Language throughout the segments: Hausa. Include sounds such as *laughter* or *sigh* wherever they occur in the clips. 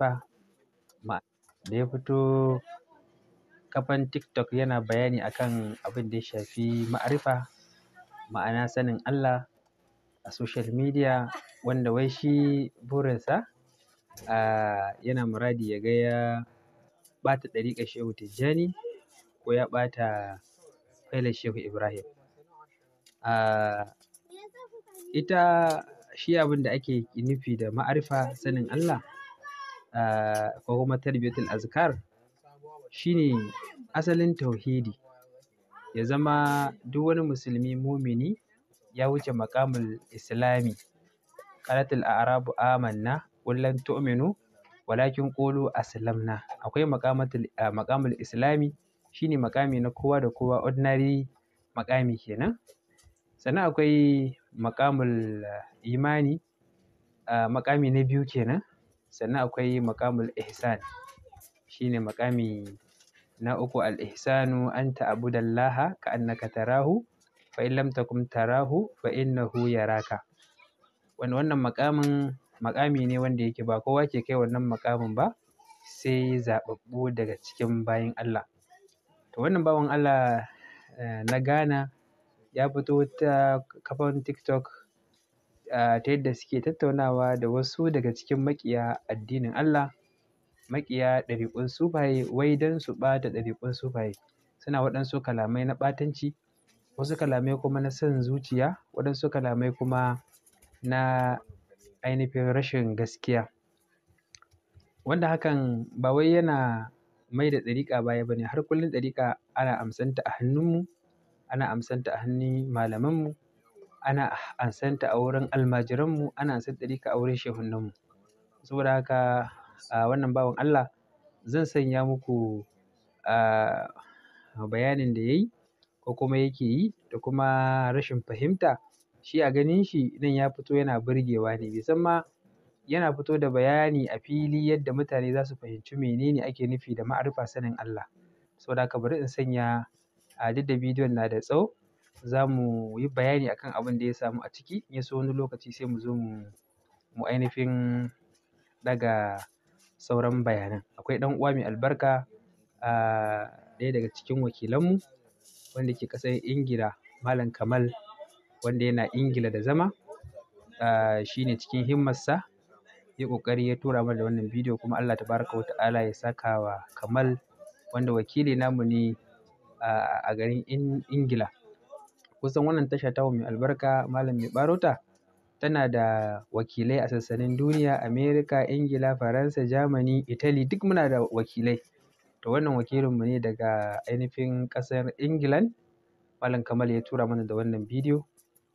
ma da ya fito kafan TikTok yana bayani akan abin da ya shafi ma'arifa ma'ana sanin Allah a social media wanda wai shi burinsa a yana muradi ya ga ya ɓata ɗariƙa Shehu Tijjani ko ya bata failar Shehu Ibrahim. a ita shi abin da ake nufi da ma'arifa sanin Allah ko kuma tarbiyatul azkar shine asalin tauhidi ya zama duk wani musulmi mumini ya wuce makamul islami qalatul a'rabu amanna wallan tu'minu walakin qulu aslamna akwai makamatul makamul islami shine makami na kowa da kowa ordinary makami kenan sannan akwai makamul imani makami na biyu kenan sannan akwai maƙamul ihsan shine maƙami na uku al-ihsanu an ta'budallaha ka annaka tarahu fa in lam fa'in tarahu fa innahu yaraka Wani wannan maƙamin maƙami ne wanda yake ba kowa ke kai wannan maƙamin ba sai zaɓaɓɓu daga cikin bayan Allah to wannan bawan Allah eh, na Ghana ya fito ta kafan TikTok ta yadda suke tattaunawa da wasu daga cikin maƙiya addinin Allah, maƙiya ɗariƙun sufaye wai don su ɓata ɗariƙun sufaye. Suna waɗansu kalamai na ɓatanci, wasu kalamai kuma na son zuciya, waɗansu kalamai kuma na ainihin rashin gaskiya. Wanda hakan ba wai yana mai da ɗariƙa baya ba ne, har kullum ɗariƙa ana amsanta a hannunmu, ana amsanta a hannun malamanmu, ana ansanta a wurin almajiranmu ana ansan ɗarika a wurin mu saboda haka a wannan bawan Allah zan sanya muku a bayanin da yayi yi ko kuma yake yi da kuma rashin fahimta shi a ganin shi nan ya fito yana burgewa ne bai san ma yana fito da bayani a fili yadda mutane za su fahimci menene ake nufi da ma'arifa sanin Allah saboda haka bari in sanya a duk da bidiyon na da tsawo za mu yi bayani akan abin da ya samu a ciki. Ya so wani lokaci sai mu zo mu, mu ainihin ɗaga sauran bayanan. Akwai ɗan uwa mai albarka, ɗaya daga cikin wakilanmu wanda ke ƙasar Ingila, Malam Kamal wanda yana Ingila da zama. shi ne cikin himmarsa ya ƙoƙari ya tura mana da wannan bidiyo kuma Allah tabaraka wa ta'ala ya saka wa Kamal wanda wakili namu ne a garin Ingila. kusan wannan tasha tamu mai albarka Malam Mai barota tana da wakilai a sassanin duniya Amerika, Ingila, Faransa, Germany, Italy duk muna da wakilai. To wannan wakilinmu ne daga ainihin ƙasar England Malam Kamal ya tura mana da wannan bidiyo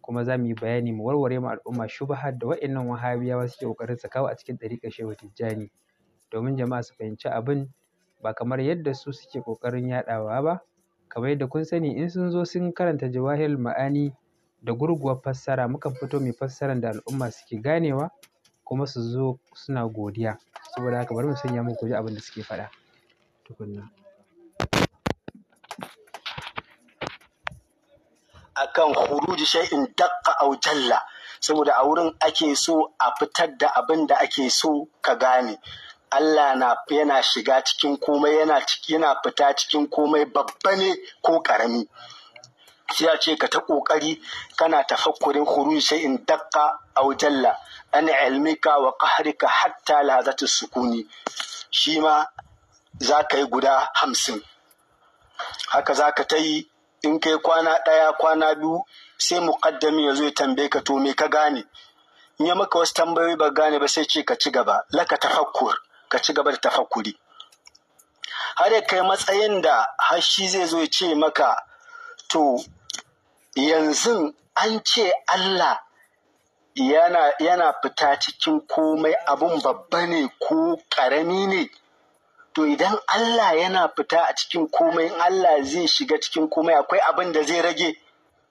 kuma za mu yi bayani mu warware mu al'umma shubahar da wa'innan wahabiyawa suke kokarin su kawo a cikin ɗariƙar Shehu Tijjani domin jama'a su fahimci abin ba kamar yadda su suke kokarin yaɗawa ba Kamar yadda kun sani in sun zo sun karanta jawahir Ma'ani da gurguwar fassara mukan fito mai fassaran da al'umma suke ganewa kuma su zo suna godiya. Saboda haka bari mu sanya muku ku ji abin da suke faɗa tukunna. Akan khuruji shay'in daqqa aw jalla saboda a wurin ake so a fitar da abin da ake so ka gane. Allah na yana shiga cikin komai yana yana fita cikin komai babba ne ko karami sai ce ka ta kokari kana tafakkurin huruj sai in dakka aw jalla an ilmika wa qahrika hatta lahazatu sukuni shi ma za ka yi guda hamsin haka za ka ta yi in kai kwana ɗaya kwana biyu sai muqaddami ya zo ya tambaye ka to me ka gane in ya maka wasu tambayoyi ba gane ba sai ce ka ci gaba laka tafakkur ka ci gaba da tafakuri har ya kai matsayin da hashi zai zo ya ce maka to yanzu an ce Allah yana, fita cikin komai abun babba ne ko ƙarami ne to idan Allah yana fita a cikin komai Allah zai shiga cikin komai akwai abin da zai rage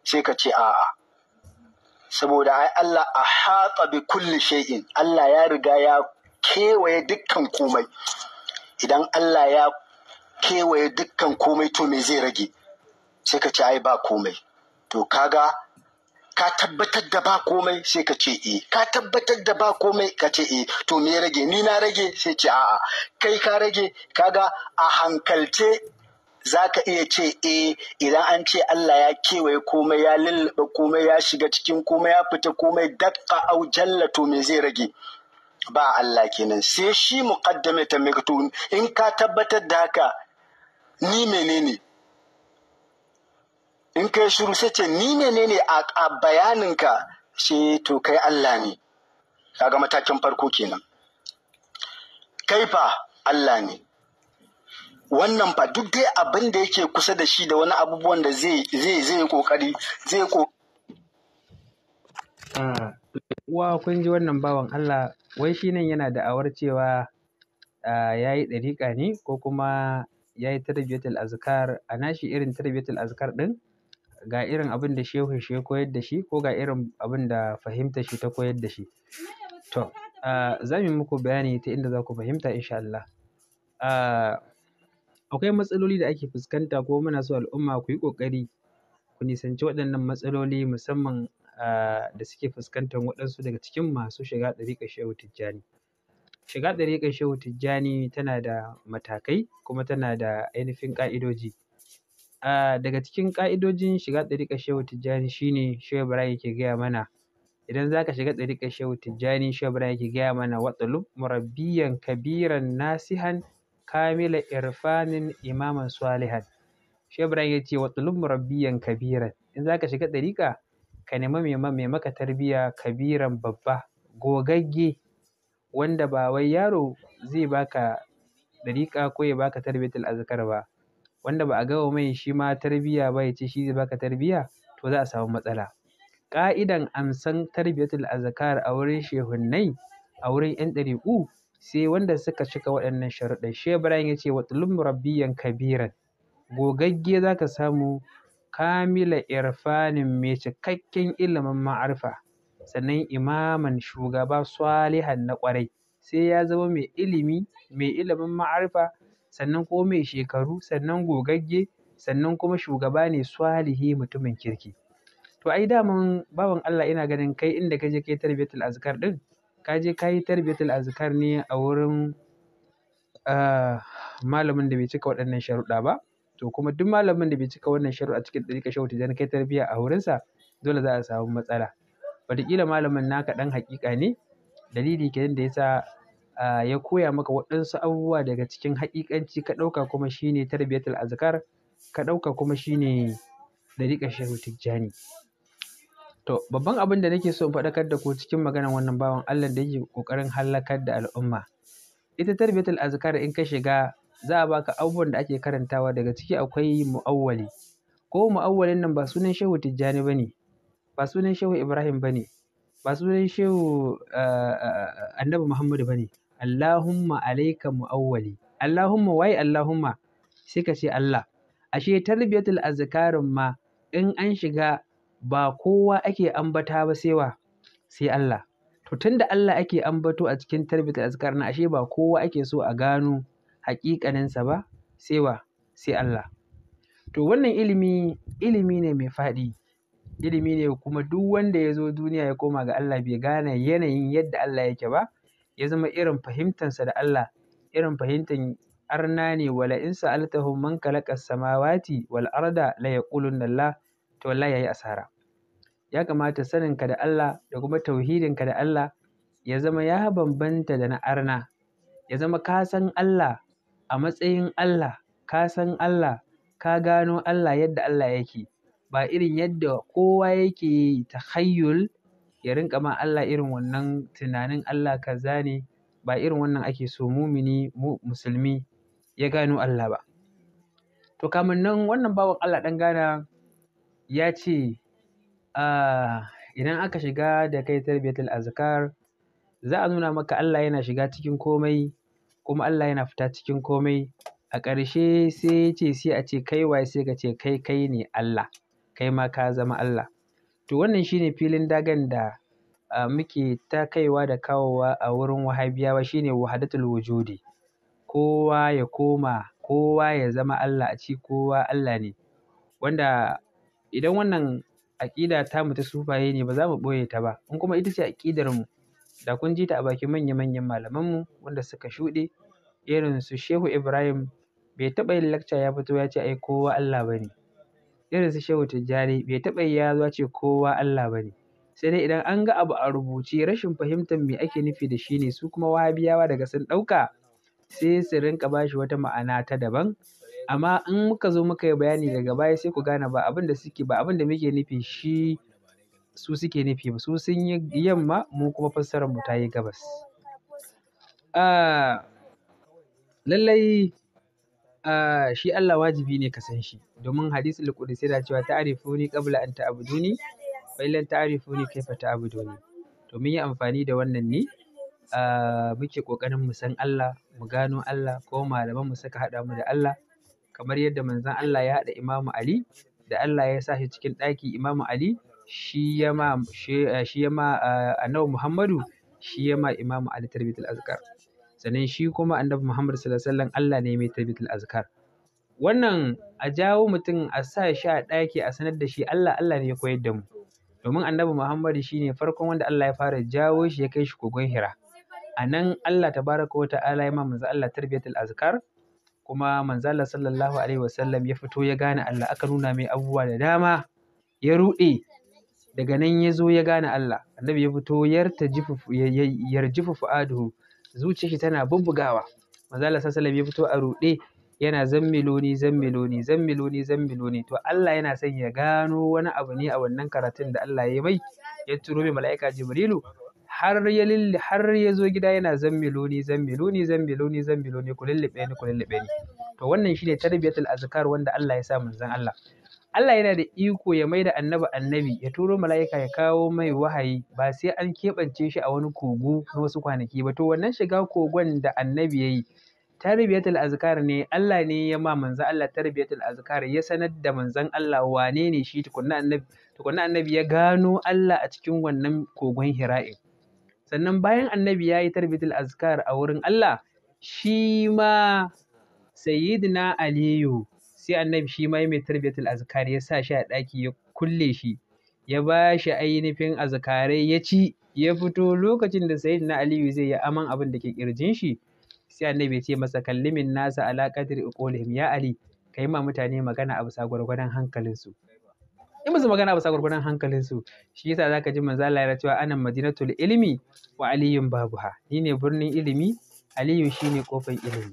sai ka ce a'a saboda ai Allah a hatsa bi kulli shay'in Allah ya riga ya kewaye dukkan komai idan Allah ya kewaye dukkan komai to me zai rage sai ka ce ai ba komai to kaga ka tabbatar da ba komai sai ka ce eh ka tabbatar da ba komai ka ce eh to me rage ni na rage sai ce a'a kai ka rage kaga a hankalce za ka iya ce eh idan an ce Allah ya kewaye komai ya lullaba komai ya shiga cikin komai ya fita komai dakka au jalla to me zai rage ba Allah kenan sai shi muqaddame ta miktun in ka tabbatar da haka ni menene in kai shiru sai ce ni menene a bayaninka sai to kai Allah ne kaga matakin farko kenan kaifa Allah ne wannan fa duk dai abin da yake kusa da shi da wani abubuwan da zai zai zai kokari zai ko ah, uwa kun ji wannan bawan Allah wai shi nan yana da'awar cewa ya yi ɗariƙa ne ko kuma ya yi tarbiyatul azkar a nashi irin tarbiyatul azkar ɗin ga irin abin da shehu shi ya koyar da shi ko ga irin abin da fahimta shi ta koyar da shi to za mu muku bayani ta inda za ku fahimta insha Allah akwai matsaloli da ake fuskanta ko muna so al'umma ku yi ƙoƙari ku nisanci waɗannan matsaloli musamman da suke fuskantar waɗansu daga cikin masu shiga ɗariƙar shehu tijjani shiga ɗariƙar shehu tijjani tana da matakai kuma tana da ainihin ƙa'idoji daga cikin ƙa'idojin shiga ɗariƙar shehu tijjani shine shehu ibrahim yake gaya mana idan zaka shiga ɗariƙar shehu tijjani shehu ibrahim yake gaya mana watsalub murabbiyan kabiran nasihan kamila irfanin imaman salihan shehu ibrahim ya ce watsalub murabbiyan kabiran in zaka shiga ɗariƙa ka nemi mai maka tarbiyya kabiran babba gogagge wanda ba wai yaro zai baka ɗariƙa ko ya baka tarbiyatul azkar ba wanda ba a gama mai shi ma tarbiyya ba ya ce shi zai baka tarbiyya to za a samu matsala ƙa'idan amsan tarbiyatul azkar a wurin shehunnai a wurin yan ɗariƙu sai wanda suka cika waɗannan sharuɗan shi ibrahim ya ce wa rabbiyan kabiran gogagge zaka samu kamila irfanin mai cikakken ilimin ma'arfa, sannan imaman shugaba salihan na ƙwarai sai ya zama mai ilimi mai ilimin ma'arfa, sannan ko mai shekaru sannan gogagge sannan kuma shugaba ne salihi mutumin kirki to ai daman bawan Allah ina ganin kai inda kaje kai tarbiyatul azkar din kaje kayi tarbiyatul azkar ne a wurin ah, malamin da bai cika waɗannan sharuɗa ba To kuma duk malamin da bai cika wannan a cikin ɗariƙar Shehu Tijjani kai tarbiyya a wurinsa, dole za a samu matsala. Wataƙila malamin naka ɗan haƙiƙa ne, dalili kenan da yasa sa ya koya maka waɗansu abubuwa daga cikin haƙiƙanci ka ɗauka kuma shine tarbiyyatul azkar, ka ɗauka kuma shine ɗariƙar Shehu Tijjani. To babban abin da nake so in faɗakar da ku cikin maganar wannan bawan Allah da yake ƙoƙarin hallakar da al'umma. Ita tarbiyyatul azkar in ka shiga za a baka abubuwan da ake karantawa daga ciki akwai mu'awwali. Ko mu'awwalin nan ba sunan Shehu Tijjani ba ne, ba sunan Shehu Ibrahim ba ne, ba sunan Shehu, eh, eh, Annabi Muhammadu ba ne. Allahumma alaika mu'awwali. Allahumma wai Allahumma sai ka ce Allah. Ashe tarbiyatul azkarin ma in an shiga ba kowa ake ambata ba sai wa sai Allah. To tunda Allah ake ambato a cikin tarbiyatul azkar na ashe ba kowa ake so a gano haƙiƙaninsa ba sai wa sai Allah to wannan ilimi ilimi ne mai faɗi ilimi ne kuma duk wanda ya zo duniya ya koma ga Allah bai gane yanayin yadda Allah yake ba ya zama irin fahimtansa da Allah irin fahimtar arna ne wala in sa'altahum man khalaqas samawati wal arda la yaqulun Allah to wallahi yayi asara ya kamata saninka da Allah da kuma tauhidinka da Allah ya zama ya bambanta da na arna ya zama ka san Allah a matsayin Allah, ka san Allah, ka gano Allah yadda Allah yake, ba irin yadda kowa yake tahayyul ya rinƙa ma Allah irin wannan tunanin Allah kaza ne, ba irin wannan ake so mumini musulmi ya gano Allah ba. To kamin nan wannan bawan Allah ɗan gana ya ce, ah, idan aka shiga da kai tarbiyatul azkar za a nuna maka Allah yana shiga cikin komai kuma Allah yana fita cikin komai a ƙarshe sai ya ce sai a ce kai waye sai ka ce kai kai ne Allah kai ma ka zama Allah to wannan shine filin dagan da uh, muke ta kaiwa da kawowa a wurin wahabiyawa shine wahadatul wujudi kowa ya koma kowa ya zama Allah a ci kowa Allah ne wanda idan wannan aƙida ta mu ta sufaye ne ba za mu ɓoye ta ba in kuma ita ce aƙidar mu Da kun ji ta a bakin manya-manyan malamanmu wanda suka shuɗe, irin su Shehu Ibrahim bai taɓa yin lakca ya fito ya ce ai kowa Allah ba ne. Irin su Shehu Tijjani bai taɓa yi ya zo ce kowa Allah ba ne. Sai dai idan an ga abu a rubuce rashin fahimtar me ake nufi da shi ne su kuma wahabiyawa daga sun ɗauka sai su rinka bashi wata ma'ana ta daban. Amma in muka zo muka yi bayani daga baya sai ku gane ba abin da suke ba abin da muke nufi shi su suke nufi su sun yi yamma mu kuma fassarar mu ta yi gabas ah, lallai ah, shi Allah wajibi ne ka san shi domin hadisul qudsi da cewa ni qabla an ta'buduni fa illan ta'rifuni kaifa ta'buduni to mun yi amfani da wannan ne ah, muke kokarin mu san Allah mu gano Allah ko malaman mu saka hada mu da Allah kamar yadda manzon Allah ya hada Imam Ali da Allah ya sa shi cikin ɗaki Imam Ali shi ya ma shi eh, ya eh, annabi Muhammadu shi ya ma Imam Ali tarbiyatul azkar sannan shi kuma annabi Muhammadu sallallahu alaihi Allah ne mai tarbiyatul azkar wannan a jawo mutum a sa shi a ɗaki a sanar da shi Allah Allah ne ya koyar da mu domin annabi Muhammadu shi ne farkon wanda Allah ya fara jawo shi ya kai shi kogon Hira a nan Allah tabaraka wa ta'ala ya ma manzo Allah tarbiyatul azkar kuma manzo Allah sallallahu alaihi wasallam ya fito ya gane Allah aka nuna mai abubuwa da dama ya ruɗe daga nan ya zo ya gane Allah annabi ya fito 'yar yarjifu fu'aduhu zuci shi tana bubbugawa manzo Allah sallallahu ya fito a rude yana zammiloni zammiloni zammiloni zammiloni to Allah yana son ya gano wani abu ne a wannan karatun da Allah ya mai ya turo mai mala'ika Jibrilu har ya lilli har ya zo gida yana zammiloni zammiloni zammiloni zammiloni ku lullube ni ku to wannan shine tarbiyatul azkar wanda Allah ya sa zan Allah Allah yana da iko ya maida annabi annabi ya turo mala'ika ya kawo mai wahayi ba sai an keɓance shi a wani kogo na wasu kwanaki ba to wannan shiga kogon da annabi ya yi tarbiyatul azkar ne Allah ne ya ma manzon Allah tarbiyatul azkar ya sanar da manzon Allah wane ne shi tukunna annabi tukunna annabi ya gano Allah a cikin wannan kogon hira'in sannan bayan annabi ya yi tarbiyatul azkar a wurin Allah shi ma sayyidina aliyu sai annabi shi ma mai tarbiyatul azkar ya sa shi a ɗaki ya kulle shi ya ba shi ainihin azkarai ya ci ya fito lokacin da na aliyu zai yi aman abin da ke kirjin shi sai annabi ce masa kallimin nasa ala qadri qulihim ya ali kai ma mutane magana a bisa gwargwadon su. in musu magana a bisa gwargwadon su. shi yasa zaka ji manzo Allah ya cewa anan madinatul ilmi wa aliyun babuha ni ne birnin ilimi aliyu shine kofar ilimi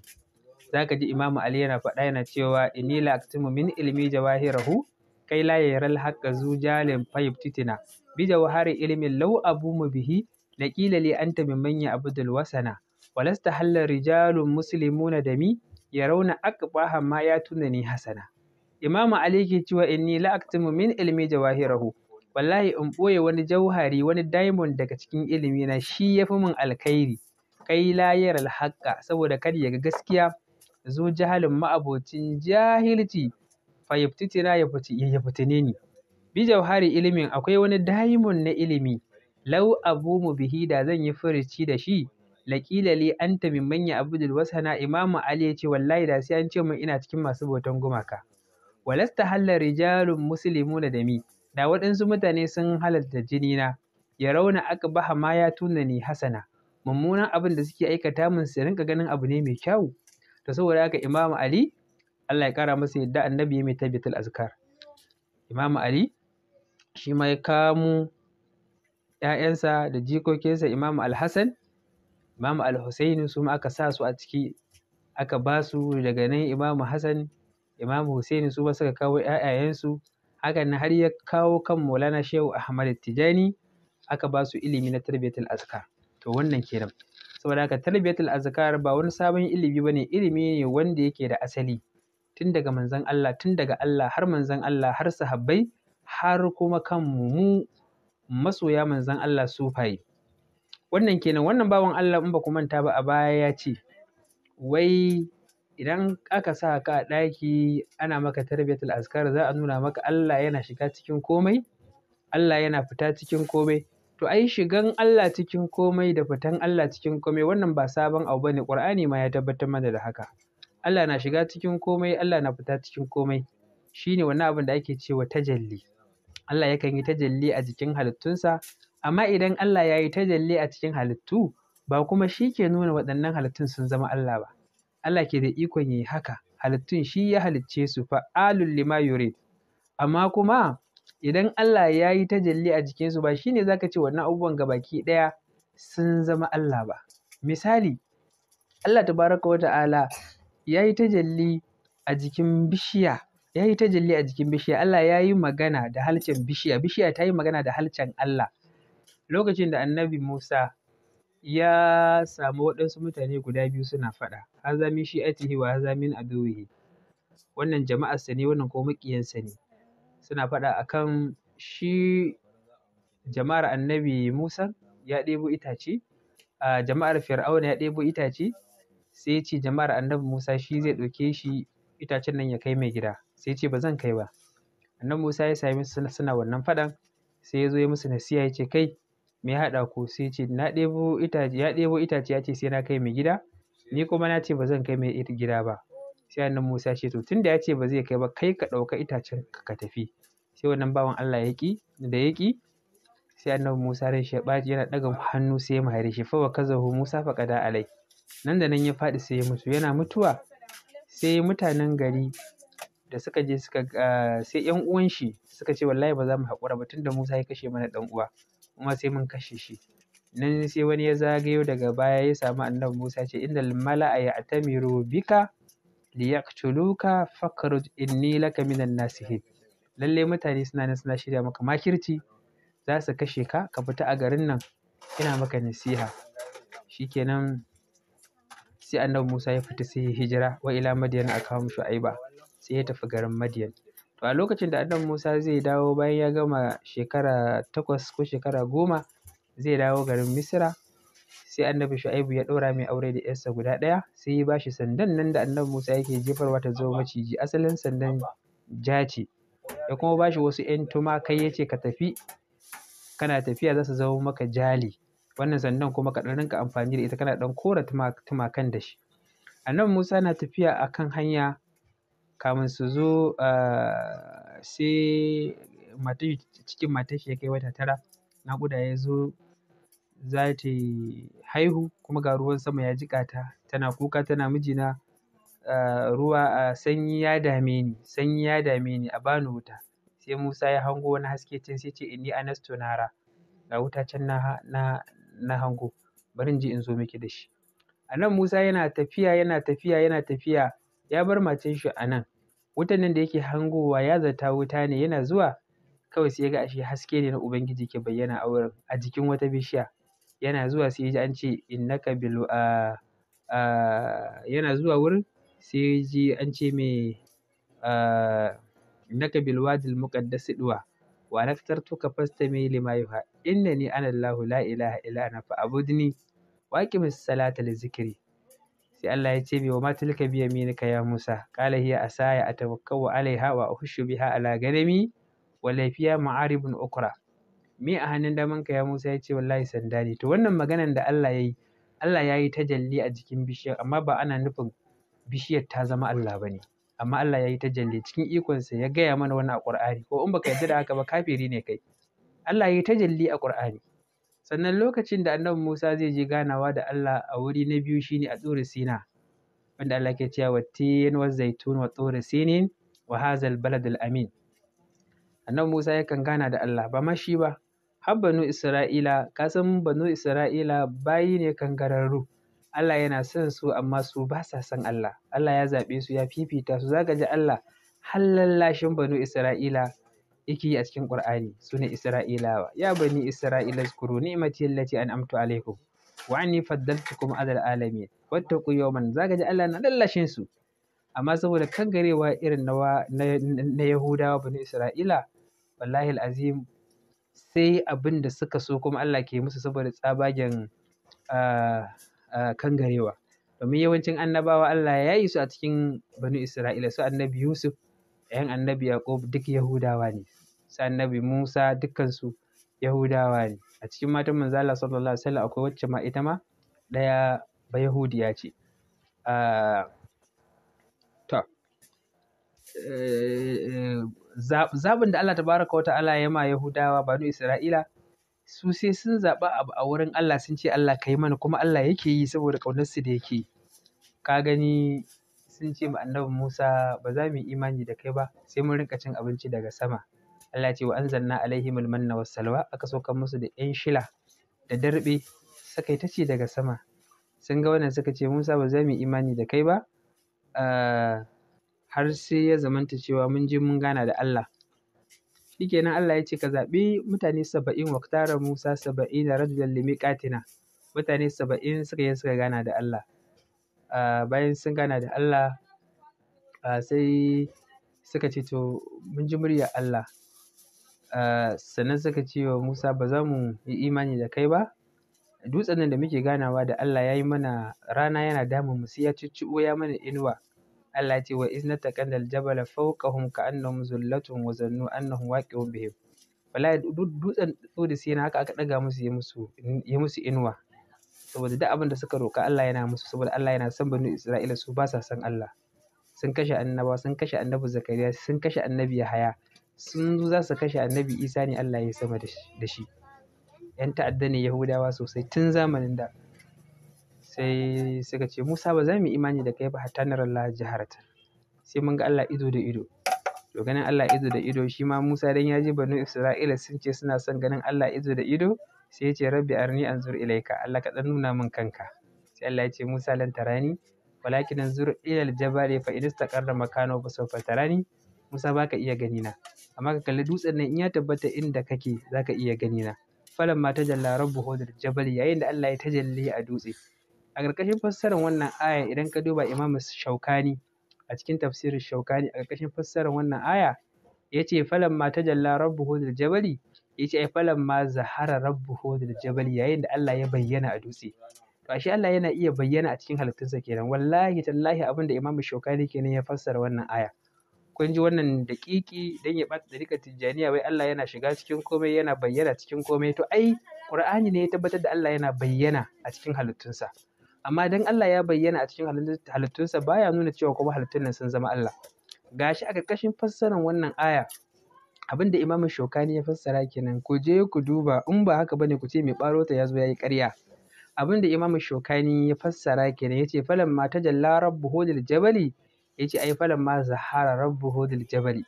zaka ji Imam Ali yana faɗa yana cewa inni la aktumu min ilmi jawahirahu kai la yaral haqqa zu jalin titina, bi jawhari ilmi law abumu bihi laqila li anta mimman ya abudul wasana walasta halla rijalun muslimuna dami yarawna aqbaha ma ya tunani hasana Imam Ali ke cewa inni la aktumu min ilmi jawahirahu wallahi in ɓoye wani jauhari wani diamond daga cikin ilimi na shi yafi fi min alkhairi kai yaral alhaƙa saboda kada ya ga gaskiya zu jahalin ma'abocin jahilci fa yaftitina ya fitine ni bi jawhari ilimin akwai wani daimun na ilimi lau abu mu bihi da zan yi furici da shi laƙila li anta min manya abdul wasana imamu ali ya ce wallahi da sai an ce mun ina cikin masu bautan gumaka walasta halal rijalun muslimuna da mi da waɗansu mutane sun halarta jini na ya rauna aka baha ma ya tuna ni hasana mummunan abin da suke aikata mun su rinka ganin abu ne mai kyau to saboda haka Imam Ali Allah ya kara masa yadda annabi ya mai tabbatul azkar Imam Ali shi mai kamu ƴaƴansa da jikokinsa Imam Al-Hassan Imam Al-Husaini su ma aka sa su a ciki aka ba su daga nan Imam Hassan Imam Husaini su ma suka kawo ‘ya'yayensu hakan har ya kawo kan Maulana Shehu Ahmad Tijani aka ba su ilimi na tarbiyatul azkar to wannan kenan saboda haka tarbiyatul azkar ba wani sabon ilimi bane ilimi ne wanda yake da asali tun daga manzon Allah tun daga Allah har manzon Allah har sahabbai har kuma kan mu masoya manzon Allah sufaye wannan kenan wannan bawan Allah in ba ku manta ba a baya ya ce wai idan aka sa ka a ɗaki ana maka tarbiyatul azkar za a nuna maka Allah yana shiga cikin komai Allah yana fita cikin komai To ai shigan Allah cikin komai da fitan Allah cikin komai wannan ba sabon abu bane Qur'ani ma ya tabbatar mana da haka. Allah na shiga cikin komai Allah na fita cikin komai shine wani abin da ake cewa tajalli. Allah yakan yi tajalli a jikin halittunsa amma idan Allah ya yi tajalli a cikin halittu ba kuma shi ke nuna waɗannan halittun sun zama Allah ba. Allah ke da ikon yi haka halittun shi ya halicce su fa'alul lima yurid amma kuma idan Allah ya yi tajalli a jikinsu ba shi ne za ka ce wannan abubuwan baki ɗaya sun zama Allah ba. Misali, Allah tabaraka wa ta'ala ya yi tajalli a jikin bishiya, ya yi tajalli a jikin bishiya, Allah ya yi magana da halcin bishiya, bishiya ta yi magana da halcin Allah. Lokacin da annabi Musa ya samu waɗansu mutane guda biyu suna faɗa, haza min shi'atihi wa haza min aduwihi. Wannan jama'arsa ne, wannan maƙiyansa ne. suna faɗa akan shi jama'ar annabi Musa ya ɗebo itace, a jama'ar Fir'auna ya ɗebo itace, sai ce jama'ar annabi Musa shi zai ɗauke shi itacen nan ya kai mai gida, sai ce ba zan kai ba. Annabi Musa ya sami suna wannan faɗan, sai ya zo ya musu nasiya ya ce kai me haɗa ku sai ce na ɗebo itace ya ɗebo itace ya ce sai na kai mai gida, ni kuma na ce ba zan kai mai gida ba. sai annabi Musa ya ce to tunda ya ce ba zai kai ba kai ka ɗauka itacen ka tafi sai wannan bawan Allah ya ki da ya sai annabi Musa ran shi ya ɓaci yana ɗaga hannu sai ya mahare shi fa wa zaho Musa fa kada alai nan da nan ya faɗi sai ya mutu yana mutuwa sai mutanen gari da suka je suka ah, sai ƴan uwan shi suka ce wallahi ba za mu haƙura ba tunda Musa ya kashe mana ɗan uwa kuma sai mun kashe shi nan sai wani ya zagayo daga baya ya samu annabi Musa ce inda mala'a ya atamiru bika liyaqtuluka fakhruj inni laka minan nasihin lalle mutane suna nan suna shirya maka makirci za su kashe ka ka fita a garin nan ina maka nasiha shikenan sai annabi Musa ya fita sai ya hijira wa ila Madiyan a mu shu'aiba Aiba sai ya tafi garin Madiyan to a lokacin da annabi Musa zai dawo bayan ya gama shekara takwas ko shekara goma zai dawo garin Misira sai annabi Shu'aibu ya ɗora mai aure da ƴarsa guda ɗaya sai ya bashi sandan nan da annabi Musa yake jefarwa ta zama maciji asalin sandan ja ce ya kuma bashi wasu ‘yan tumakai ya ce ka tafi kana tafiya za su zama maka jali wannan sandan kuma ka ɗan rinka amfani da ita kana ɗan kora tumakan da shi annabi Musa na tafiya a kan hanya kamin su zo sai cikin matashi ya kai wata tara naƙuda ya zo za ta haihu kuma ga ruwan sama ya jiƙa ta tana kuka tana mijina ruwa a sanyi ya dame ni sanyi ya dame ni a bani wuta sai Musa ya hango wani haske can sai ce inni anastu nara ga wuta can na, hango bari in je in zo miki da shi a nan Musa yana tafiya yana tafiya yana tafiya ya bar macen shi a nan wutan nan da yake hangowa ya zata wuta ne yana zuwa kawai sai ya ga ashe haske ne na Ubangiji ke bayyana a a jikin wata bishiya yana zuwa sai ji an ce innaka bil a yana zuwa wurin sai ya ji an ce mai a innaka bil wadil muqaddas duwa wa ka fastami lima yuha innani ana Allahu la ilaha illa ana abudni wa aqimis salata li zikri sai Allah ya ce mai wa ma tilka bi yaminika ya Musa qala hiya asaya atawakkalu alaiha wa uhshu biha ala ganami wa lafiya ma'aribun ukra me a hannun damanka ya Musa ya ce wallahi sanda ne to wannan maganan da Allah ya yi Allah ya yi tajalli a jikin bishiyar amma ba ana nufin bishiyar ta zama Allah ba ne amma Allah ya yi tajalli cikin ikonsa ya gaya mana wani a Ƙur'ani ko in baka yarda da haka ba kafiri ne kai Allah ya yi tajalli a Ƙur'ani sannan lokacin da annabi Musa zai je ganawa da Allah a wuri na biyu shine a tsuri Sina wanda Allah ke cewa tin wa zaitun wa tsuri sinin wa hazal baladul amin annabi Musa yakan gana da Allah ba ma shi ba har banu Isra'ila, kasan banu Isra'ila bayi ne kangararru. Allah yana son su amma su ba sa son Allah. Allah ya zaɓe su ya fifita su zaka ji Allah har lallashin banu Isra'ila yake yi a cikin Qur'ani su ne Isra'ilawa. Ya bani Isra'ila zkuru ni'mati allati an'amtu alaikum wa anni faddaltukum alal alamin. Wattaqu yawman zaka ji Allah na lallashin su. Amma saboda kangarewa irin na Yahudawa bani Isra'ila wallahi al'azim." sai abin da suka so kuma Allah ke musu saboda tsabagen kangarewa domin yawancin annabawa Allah ya yi su a cikin banu Isra'ila su annabi Yusuf ‘yan annabi Yaƙub duk Yahudawa ne su annabi Musa dukkansu Yahudawa ne a cikin matan manzo sallallahu alaihi wasallam akwai wacce ma ita ma ɗaya ba Yahudiya ce Eh, eh, zaɓin da Allah tabaraka wata ta'ala ya ma Yahudawa ba banu Isra'ila su sai sun zaɓa abu a wurin Allah sun ce Allah kai mana kuma Allah yake yi saboda su da yake ka gani sun ce ma annabi Musa ba za mu yi imani da kai ba sai mun rinka cin abinci daga sama Allah ce wa anzalna alaihim almanna wassalwa aka soka musu da yan shila da darbe sakai ta ce daga sama sun ga wannan suka ce Musa ba za mu yi imani da kai ba ah, har sai ya zamanta cewa mun je mun gana da Allah. Shikenan Allah ya ce ka zaɓi mutane saba'in waktara Musa saba'in da rajulan katina Mutane saba'in suka yi suka gana da Allah. bayan sun gana da Allah sai suka ce to mun ji murya Allah. sannan suka ce wa Musa ba za mu yi imani da kai ba dutsen nan da muke ganawa da Allah ya yi mana rana yana damun mu sai ya cicciɓo ya mana inuwa Allah ya ce wa izna taqallal jabala fawqahum ka'annahum zullatun wa zannu annahum waqi'un bihim wallahi dutsen sai na haka aka daga musu ya musu inuwa saboda duk abin da suka roka Allah yana musu saboda Allah yana son banu Isra'ila su ba sa son Allah sun kashe annaba sun kashe annabi Zakariya sun kashe annabi Yahaya sun zo za su kashe annabi Isa ne Allah ya sama da shi yan ta'adda ne Yahudawa sosai tun zamanin da sai suka ce Musa ba za mu imani da kai ba hatta na Allah ta. sai mun ga Allah ido da ido to ganin Allah ido da ido shi ma Musa dan ya ji banu Isra'ila sun ce suna son ganin Allah ido da ido sai ya ce rabbi arni anzur ilaika Allah ka dan nuna min kanka sai Allah ya ce Musa lan tarani walakin anzur ila aljabali fa in istaqarra makano fa sawfa tarani Musa baka iya gani na amma ka kalli dutsen nan in ya tabbata inda kake zaka iya gani na falamma tajalla rabbuhu lil jabal yayin da Allah ya tajalli a dutse a ƙarƙashin fassarar wannan aya idan ka duba imam shaukani a cikin tafsirin shaukani a ƙarƙashin fassarar wannan aya ya ce falan ma ta jalla rabbuhu lil jabali ya ce ai falan ma zahara Rabbu lil jabali yayin da Allah ya bayyana a dutse to ashe Allah yana iya bayyana a cikin halittunsa kenan wallahi tallahi abin da imam shaukani kenan ya fassara wannan aya kun ji wannan daƙiƙi dan ya ɓata dariƙar tijjaniya wai Allah yana shiga cikin komai yana bayyana cikin komai to ai ƙur'ani ne ya tabbatar da Allah yana bayyana a cikin halittunsa. amma dan Allah ya bayyana a cikin halittunsa baya nuna cewa kuma halittun nan sun zama Allah Ga shi a ƙarƙashin fassarar wannan aya abin da imamu shokani ya fassara kenan ku je ku duba in ba haka bane ku ce mai ɓaro ta ya zo ya yi ƙarya abin da imamu shokani ya fassara kenan yace falan ma tajalla rabbuhu lil jabali yace ce ai falan ma zahara rabbuhu lil jabali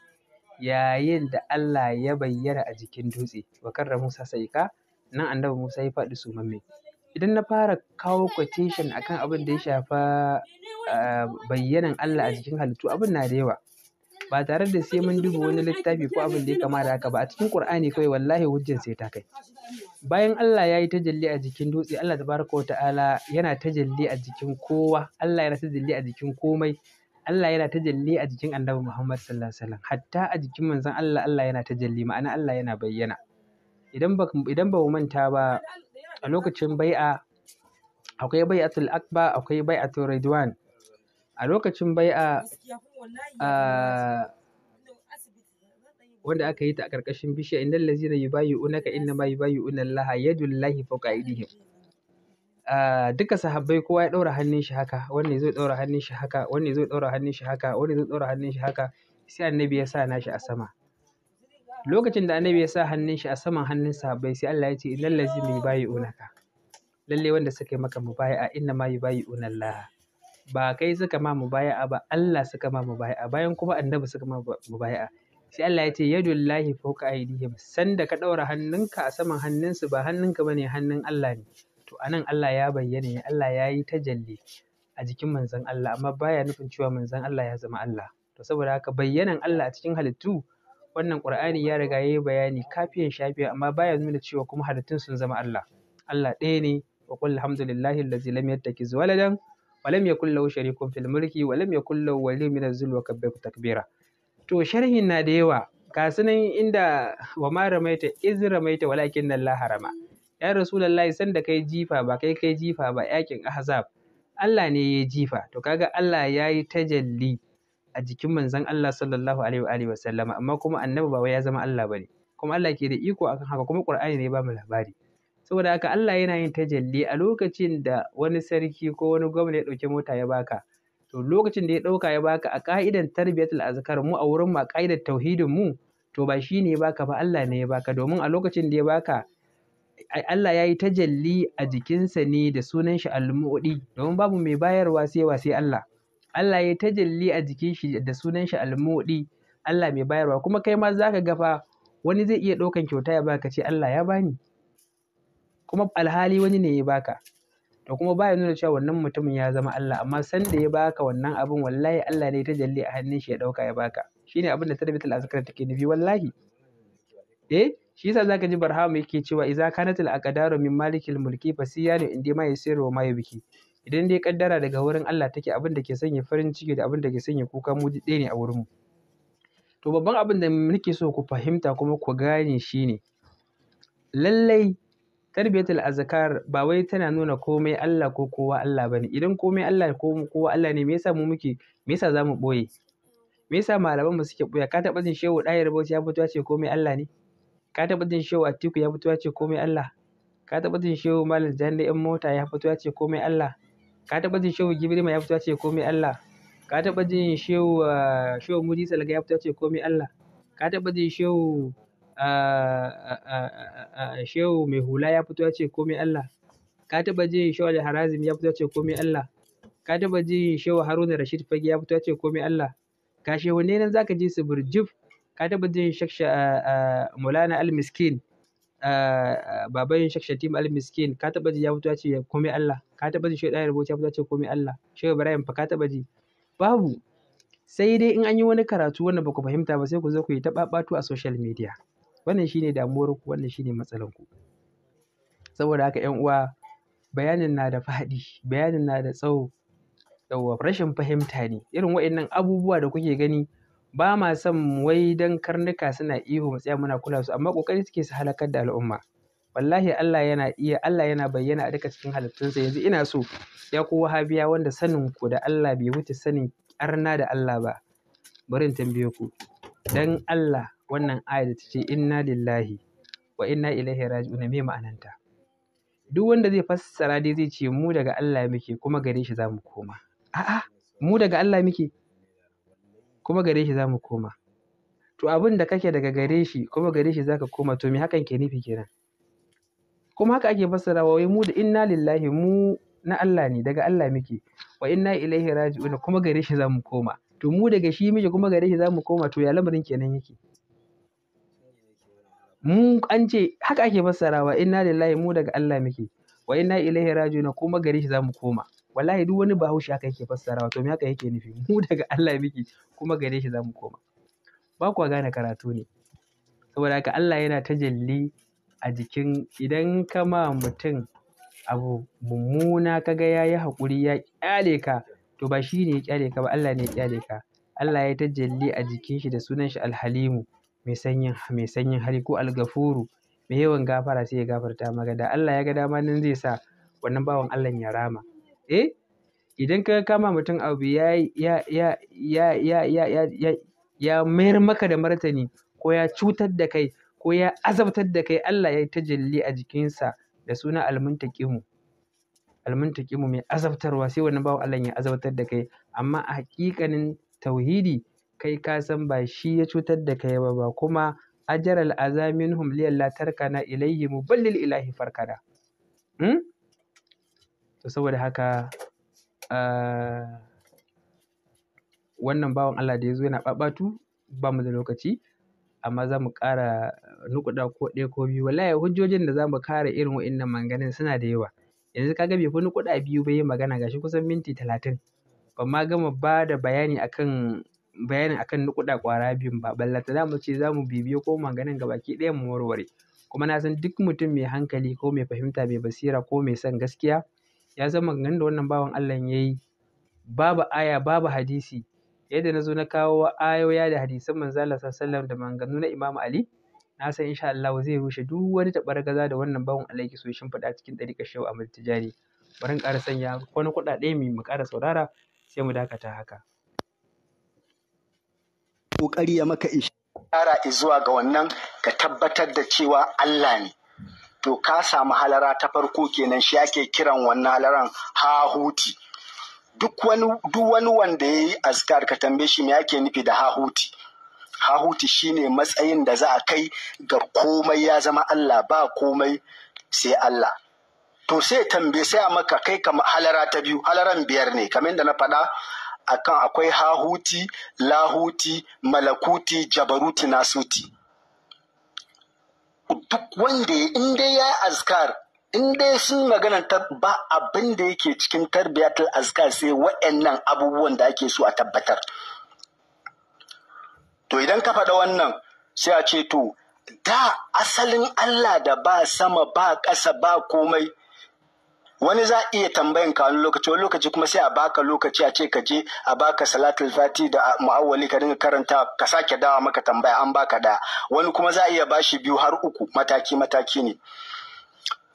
yayin da Allah ya bayyana a jikin dutse wa karra Musa ka, nan annabi Musa ya faɗi sumamme idan na fara kawo quotation akan abin da ya shafa ah, bayyanan Allah a jikin halittu, abin na da yawa. Ba tare da sai mun duba wani littafi ko abin da ya kama da haka ba a cikin Kur'ani kawai wallahi hujjan sai ta kai. Bayan Allah ya yi tajalli a jikin dutse, Allah tabaraka wa ta'ala yana tajalli a jikin kowa, Allah yana tajalli a jikin komai. Allah yana tajalli a jikin Annabi Muhammad sallallahu alaihi wasallam hatta a jikin manzon Allah Allah yana tajalli ma'ana Allah yana bayyana idan ba idan ba manta ba a lokacin bai'a akwai bai'atul akba akwai bai'atul ridwan a lokacin bai'a wanda aka yi ta a ƙarƙashin bishiya na innal lazina yubayyi'unaka innama yubayyi'una Allah yadullahi fawqa aydihim duka sahabbai kowa ya daura hannun shi haka wanda zai daura hannun shi haka wanda zai daura hannun shi haka wanda zai daura hannun shi haka sai annabi ya sa nashi a sama lokacin da annabi ya sa hannun shi a saman hannun sahabbai sai Allah ya ce innal ladzina yubayi'unaka lalle wanda suka yi maka mubaya'a inna ma yubayyi'una Allah ba kai suka ma mubaya'a ba Allah suka ma mubaya'a bayan kuma annabi suka ma mubaya'a sai Allah ya ce yadullahi fawqa aydihim sanda ka daura hannunka a saman hannunsu ba hannunka bane hannun Allah ne to anan Allah ya bayyana ne Allah ya yi tajalli a jikin manzon Allah amma baya nufin cewa manzon Allah ya zama Allah to saboda haka bayyanan Allah a cikin halittu wannan Qur'ani ya riga yayi bayani kafiyan shafiya amma baya nuna cewa kuma halittun sun zama Allah Allah ɗaya ne wa qul alhamdulillahi allazi lam yattakiz waladan wa lam yakul lahu sharikun fil mulki wa lam yakul lahu waliyyun min az-zul wa kabbirhu takbira to sharhin na da yawa ga sunan inda wa ma ramaita iz ramaita walakin Allah harama ya rasulullahi san da kai jifa ba kai kai jifa ba yakin ahzab Allah ne ya jifa to kaga Allah yayi tajalli a jikin manzon Allah sallallahu alaihi wa sallama amma kuma annabi ba wai ya zama Allah bane kuma Allah ke da iko akan haka kuma Qur'ani ne ba mu labari saboda haka Allah yana yin tajalli a lokacin da wani sarki ko wani gwamna ya ɗauki mota ya baka to lokacin da ya ɗauka ya baka a ka'idan tarbiyatul azkar mu a wurin ma ka'idar tauhidin mu to ba shi ne ya baka ba Allah ne ya baka domin a lokacin da ya baka Allah ya yi tajalli a jikinsa ne da sunan shi al-mu'di domin babu mai bayarwa sai wa sai Allah Allah ya tajalli a jikin shi da sunan shi almuɗi Allah mai bayarwa kuma kai ma zaka ga fa wani zai iya ɗaukan kyauta ya baka ce Allah ya bani kuma alhali wani ne ya baka To kuma baya nuna cewa wannan mutumin ya zama Allah amma san da ya baka wannan abin wallahi Allah ne ta jalle a hannun shi ya dauka ya baka shine abin da tarbiyatul azkar take nufi wallahi eh shi yasa zaka ji barhamu yake cewa idza kanatil aqdaru min malikil mulki fasiyani indima yasiru ma yubki idan dai kaddara daga wurin Allah take abin da ke sanya farin ciki da abin da ke sanya kuka mu ɗaya ne a wurin mu to babban abin da nake so ku fahimta kuma ku gane shine lallai tarbiyatul azkar ba wai tana nuna komai Allah ko kowa Allah bane idan komai Allah ko kowa Allah ne me yasa mu muke me yasa zamu boye me yasa malaman mu suke boye ka taba jin shehu Dayar Bauchi ya fito ya ce komai Allah ne ka taba jin shehu Atiku ya fito ya ce komai Allah ka taba jin shehu Malam Jani ɗan mota ya fito ya ce komai Allah Ka taɓa jin Shehu Gibrima ya fito ya ce mai Allah? Ka taɓa jin Shehu ah, Shehu Mudi Salga ya fito ya ce mai Allah? Ka taɓa jin Shehu ah, ah, Shehu mai hula ya fito ya ce mai Allah? Ka taɓa jin Shehu Harazim ya fito ya ce mai Allah? Ka taɓa jin Shehu Haruna Rashid Fage ya fito ya ce mai Allah? Ka shehu ne nan zaka ji su burjif? Ka taɓa jin Shek Mulana Al-Miskin baban Sheikh Shatim Al Miskin ka taba ji ya fito ya ce komai Allah ka taba ji Sheikh Dahir ya fito ya ce komai Allah Sheikh Ibrahim fa ka taba ji babu sai dai in an yi wani karatu wanda baku fahimta ba sai ku zo ku yi ta babatu a social media wannan shine damuwar ku wannan shine matsalar ku saboda haka ƴan uwa bayanin na da faɗi bayanin na da tsawo yawwa rashin fahimta ne irin waɗannan abubuwa da kuke gani ba ma son wai dan karnuka suna ihu mu tsaya muna kula su amma kokari suke su halakar da al'umma wallahi Allah yana iya Allah yana bayyana a duka cikin halittunsa yanzu ina so ya ku wahabiya wanda sanin ku da Allah bai wuce sanin arna da Allah ba bari in tambaye ku dan Allah wannan aya da tace inna lillahi wa inna ilaihi raji'un me ma'ananta duk wanda zai fassara dai zai ce mu daga Allah muke kuma gare shi za mu koma a'a mu daga Allah muke kuma gare shi za mu koma. To abin da kake daga gare shi kuma gare shi za ka koma to me hakan ke nufi kenan? Kuma haka ake fassarawa wai mu da inna lillahi mu na Allah ne daga Allah muke wa inna ilaihi raji'un kuma gare shi za mu koma. To mu daga shi muke kuma gare shi za mu koma to ya lamarin kenan yake. Mu an ce haka ake fassarawa inna lillahi mu daga Allah muke wa inna ilaihi raji'un kuma gare shi za mu koma. Wallahi duk wani bahaushe haka yake fassarawa to me haka yake nufi *laughs* mu daga Allah miki kuma gare shi za mu koma. Ba kwa gane karatu ne. Saboda haka Allah yana tajalli a jikin idan ka ma mutum abu mummuna kaga ga ya yi ya kyale ka to ba shi ne ya kyale ka ba Allah ne ya kyale ka. Allah ya tajalli a jikin shi da sunan shi Al-Halimu mai sanyin mai sanyin hali ko al Algafuru mai yawan gafara sai ya gafarta maka da Allah ya ga dama nan zai sa wannan bawan Allah ya rama. E? idan ka kama mutum abu ya, ya, ya, ya, ya, ya, ya, ya mayar maka da martani ko ya cutar da kai ko ya azabtar da kai Allah ya yi tajalli a jikinsa da suna almuntakimu. Almuntakimu mai azabtarwa sai wannan bawan Allah ya azabtar da kai amma a hakikanin tauhidi kai ka san ba shi ya cutar da kai ba ba kuma ajaral azaminhum liyalla tarkana ilayhi muballil ilahi farkada. Hmm? to saboda haka ah, wannan bawan Allah da ya zo yana ɓaɓatu ba mu da lokaci amma za mu ƙara nukuɗa ko ɗaya ko biyu wallahi hujjojin da za mu kara irin wa'innan manganin suna da yawa yanzu kaga gabe fi nukuɗa biyu ba yi magana gashi kusan minti talatin ban ma gama ba da bayani akan bayanin akan nukuɗa ƙwara biyun ba ballata za mu ce za mu bibiyo ko maganin gabaki ɗaya mu warware kuma na san duk mutum mai hankali ko mai fahimta mai basira ko mai son gaskiya ya zama maganganun da wannan bawan Allah ya yi babu aya babu hadisi yadda na zo na kawo ayoya da hadisan manzo Allah sallallahu da maganganu na Imam Ali na san insha Allah zai rushe duk wani gaza da wannan bawan Allah yake so ya shimfiɗa cikin dari shehu a Tijani bari in ƙara sanya wani kuɗaɗe mu mu ƙara saurara sai mu dakata haka kokari ya maka ishara zuwa ga wannan ka tabbatar da cewa Allah ne to ka samu halara ta farko kenan shi ake kiran wannan halaran hahuti duk wani duk wani wanda yayi askar ka tambaye shi me ake nufi da hahuti hahuti shine matsayin da za a kai ga komai ya zama Allah ba komai sai Allah to sai tambaye sai a maka kai ka halara ta biyu halaran biyar ne kamar da na faɗa akan akwai hahuti lahuti malakuti jabaruti nasuti duk wanda in dai ya azkar in dai sun magana ta ba abin da yake cikin tarbiyatul azkar sai waɗannan abubuwan da ake so a tabbatar to idan ka faɗa wannan sai a ce to da asalin Allah da ba sama ba ƙasa ba komai wani za iya tambayan ka wani lokaci wani lokaci kuma sai a baka lokaci a ce ka je a baka salatul fati da mu'awwali ka dinga karanta ka sake dawa maka tambaya an baka da wani kuma za iya bashi biyu har uku mataki mataki ne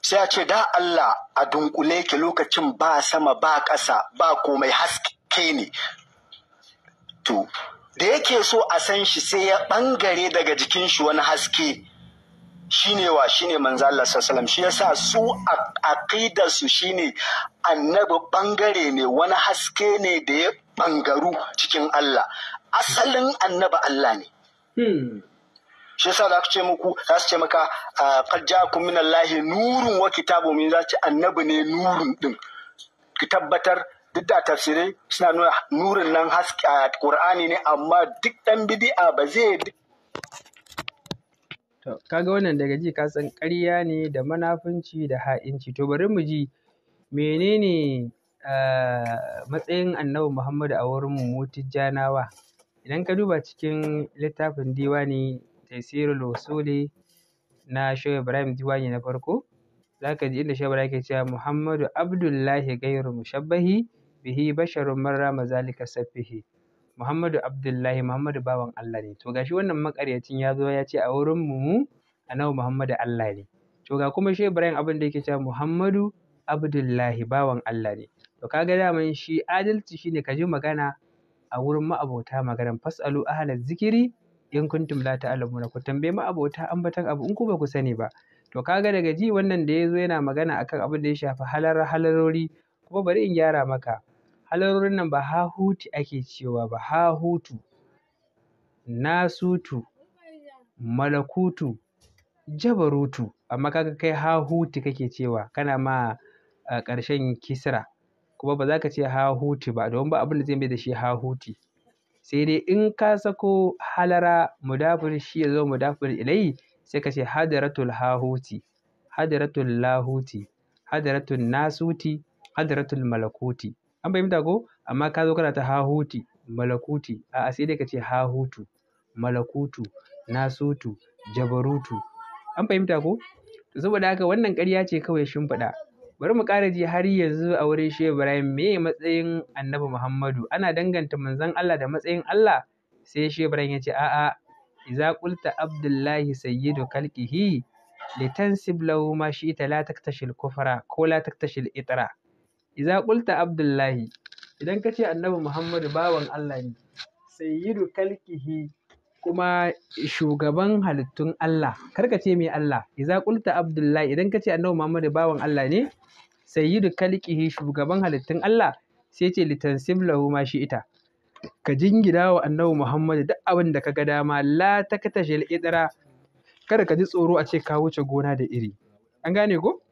sai a ce da Allah a dunkule ki lokacin ba sama ba ƙasa ba komai haske ne to da yake so a san shi sai ya bangare daga jikin shi wani haske shine wa shine manzo Allah sallallahu shi yasa su aqidar su shine annabi bangare ne wani haske ne da ya bangaru cikin Allah asalin annabi Allah ne hmm. shi yasa za ku ce muku za su ce maka qad ja'akum min nurun wa kitabun min za ce annabi ne nurun din ki tabbatar duk da tafsirai suna nuna nurin nan haske Qur'ani ne amma duk dan bid'a ba zai To, ka wannan daga ji ka san ƙarya ne da munafunci da ha'inci. To bari mu ji menene eh, matsayin Annabi Muhammadu a wurin mu mu Tijjanawa. Idan ka duba cikin littafin Diwani Taisirul Usuli na Shehu Ibrahim Diwani na farko, za ka ji inda Shehu Ibrahim yake cewa Muhammadu Abdullahi gairu mushabbahi bihi basharun marra mazalika saffihi. Muhammadu Abdullahi Muhammadu bawan Allah ne to gashi wannan makaryacin ya zo ya ce a wurin mu nawa Muhammadu Allah ne to ga kuma shi Ibrahim abin da yake cewa Muhammadu Abdullahi bawan Allah ne to kaga daman shi adalci shine ka ji magana a wurin ma'abota maganar fasalu ahla zikiri in kuntum la ta'lamuna ku tambaye ma'abota ambatan abu in ku ba ku sani ba to ka ga daga ji wannan da ya zo yana magana akan abin da ya shafi halar halarori kuma bari in gyara maka Halarorin nan ba hahuti ake cewa ba hahutu, nasutu, malakutu, jabarutu amma kaga kai hahuti kake cewa kana ma ƙarshen kisra kuma ba za ka ce hahuti ba domin ba abin da zai mai da shi hahuti. Sai dai in ka sako halara mudafun shi ya zama mudafun ilai, sai ka ce hadaratul hahuti, hadaratul lahuti, hadaratul nasuti, hadaratul malakuti. An fahimta ko? Amma ka zo kana ta hahuti, malakuti. A'a sai dai ka ce hahutu, malakutu, nasutu, jabarutu. An fahimta ko? To saboda haka wannan ƙarya ce kawai shimfiɗa. Bari mu ƙara ji har yanzu a wurin Shehu Ibrahim meye matsayin Annabi Muhammadu. Ana danganta Manzon Allah da matsayin Allah? Sai Shehu Ibrahim ya ce a'a, "Iza qulta Abdullahi sayyidu khalqihi litansib lahu ma shi'ta la taktashil kufra ko la taktashil itra." Iza qulta abdullahi idan kace annabi muhammadu bawan Allah ne sayyidu kalkihi kuma shugaban halittun Allah kar ka ce mai Allah Iza qulta abdullahi idan kace annabi muhammadu bawan Allah ne sayyidu kalkihi shugaban halittun Allah sai ce litansib lahu ma shi ita ka jingida wa annabi Muhammadu duk abin da ka ga dama la ta katashe al'idara kada ka ji tsoro a ce ka wuce gona da iri an gane ko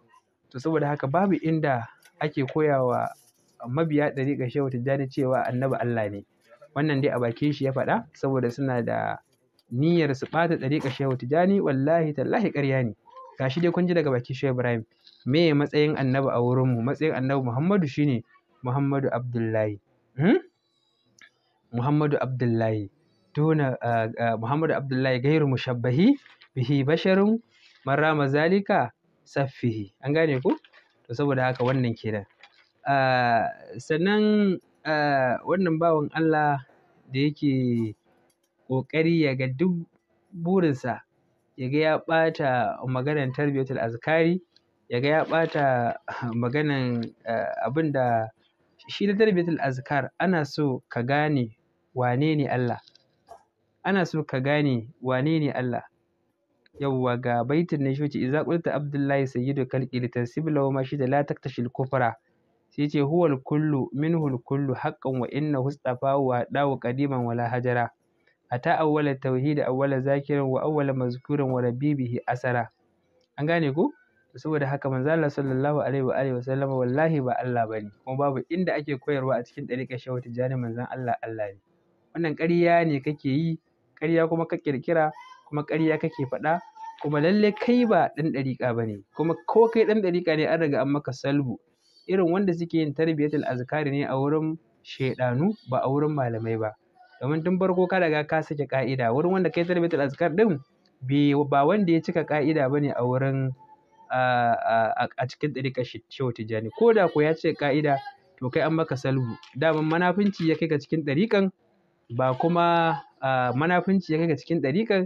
to saboda haka babu inda ake koyawa mabiya ɗariƙar Shehu Tijjani cewa annabi Allah ne. Wannan dai a bakin shi ya faɗa saboda suna da niyyar su ɓata ɗariƙar Shehu Tijjani wallahi tallahi ƙarya ne. Gashi dai kun ji daga bakin Shehu Ibrahim. Me matsayin annabi a wurin mu? Matsayin annabi Muhammadu shine Muhammadu Abdullahi. Hmm? Muhammadu Abdullahi. Tuna Muhammadu Abdullahi gairu mushabbahi bihi basharun marama zalika saffihi. An gane ku? to saboda haka wannan kenan ah, sannan ah, wannan bawan Allah da yake ƙoƙari ya ga duk burinsa ya ga ya ɓata maganan tarbiyatul azkari ya ga ya ɓata maganan ah, abin da shi da tarbiyatul azkar ana so ka gane wane Allah ana so ka gane wane Allah yawwa ga baitin na shoci idza qulta abdullahi sayyidu khalqi litansibu lahu ma shida la taktashil kufra sai ce huwal kullu al kullu haqqan wa inna hustafa wa dawu qadiman wala hajara ata awwala tauhid awwala zakirin wa awwala mazkurin wa rabibihi asara an gane ko saboda haka manzo Allah sallallahu alaihi wa alihi wa sallama wallahi ba Allah bane kuma babu inda ake koyarwa a cikin dariƙa shehu tijani manzo Allah Allah ne wannan ƙarya ne kake yi ƙarya kuma ka kirkira kuma ƙarya kake faɗa kuma lalle kai ba ɗan ɗariƙa ba ne kuma ko kai ɗan ɗariƙa ne an riga an maka salbu irin wanda suke yin tarbiyatul azkari ne a wurin shaidanu ba a wurin malamai ba domin tun farko ka riga ka sake ka'ida wurin wanda kai tarbiyatul azkar din ba wanda ya cika ka'ida ba ne a wurin a cikin ɗariƙa shehu tijjani ko da ko ya cika ka'ida to kai an maka salbu daman manafinci ya kai ga cikin ɗariƙan ba kuma manafinci ya kai ga cikin ɗariƙan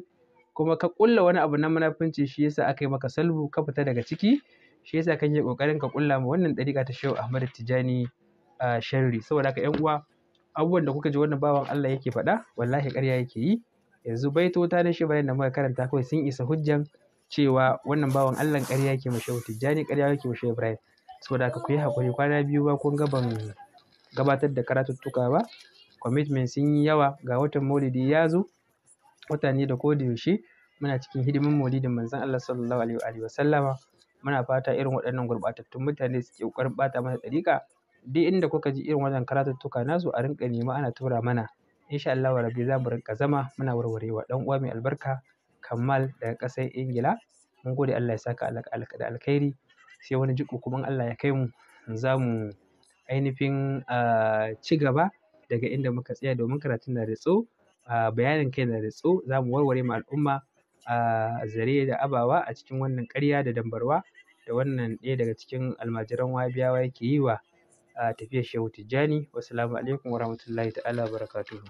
kuma ka ƙulla wani abu na munafunci shi yasa aka yi maka salbu ka fita daga ciki shi yasa yi ƙoƙarin ka ƙulla ma wannan ɗariƙa ta Shehu Ahmad Tijani sharri saboda haka yan uwa abubuwan da kuka ji wannan bawan Allah yake faɗa wallahi ƙarya yake yi yanzu baito ta na shi bayan da muka karanta kawai sun isa hujjan cewa wannan bawan Allah ƙarya yake ma Shehu Tijani ƙarya yake ma Shehu Ibrahim saboda haka ku yi haƙuri kwana biyu ba kun gaban gabatar da karatuttuka ba commitment sun yi yawa ga watan maulidi ya zo mutane da koda yaushe muna cikin hidimin maulidin manzon Allah sallallahu alaihi wa sallama muna fata irin waɗannan gurɓatattun mutane suke ƙoƙarin ɓata mana ɗariƙa duk inda kuka ji irin wannan karatuttuka nasu a rinƙa nema ana tura mana insha Allah rabbi za mu rinƙa zama muna warwarewa ɗan uwa mai albarka Kamal daga ƙasar Ingila mun gode Allah ya saka da alkhairi sai wani jiko kuma Allah ya kai mu za mu ainihin ah, ci gaba daga inda muka tsaya domin karatun na da tsawo bayanin kai da natsu za mu warware ma al'umma a zare da abawa a cikin wannan ƙarya da dambarwa da wannan ɗaya daga cikin almajiran wabiyawa yake yi wa tafiyar shehu tijjani wasu alaikum warahmatullahi ta'ala barakatuhu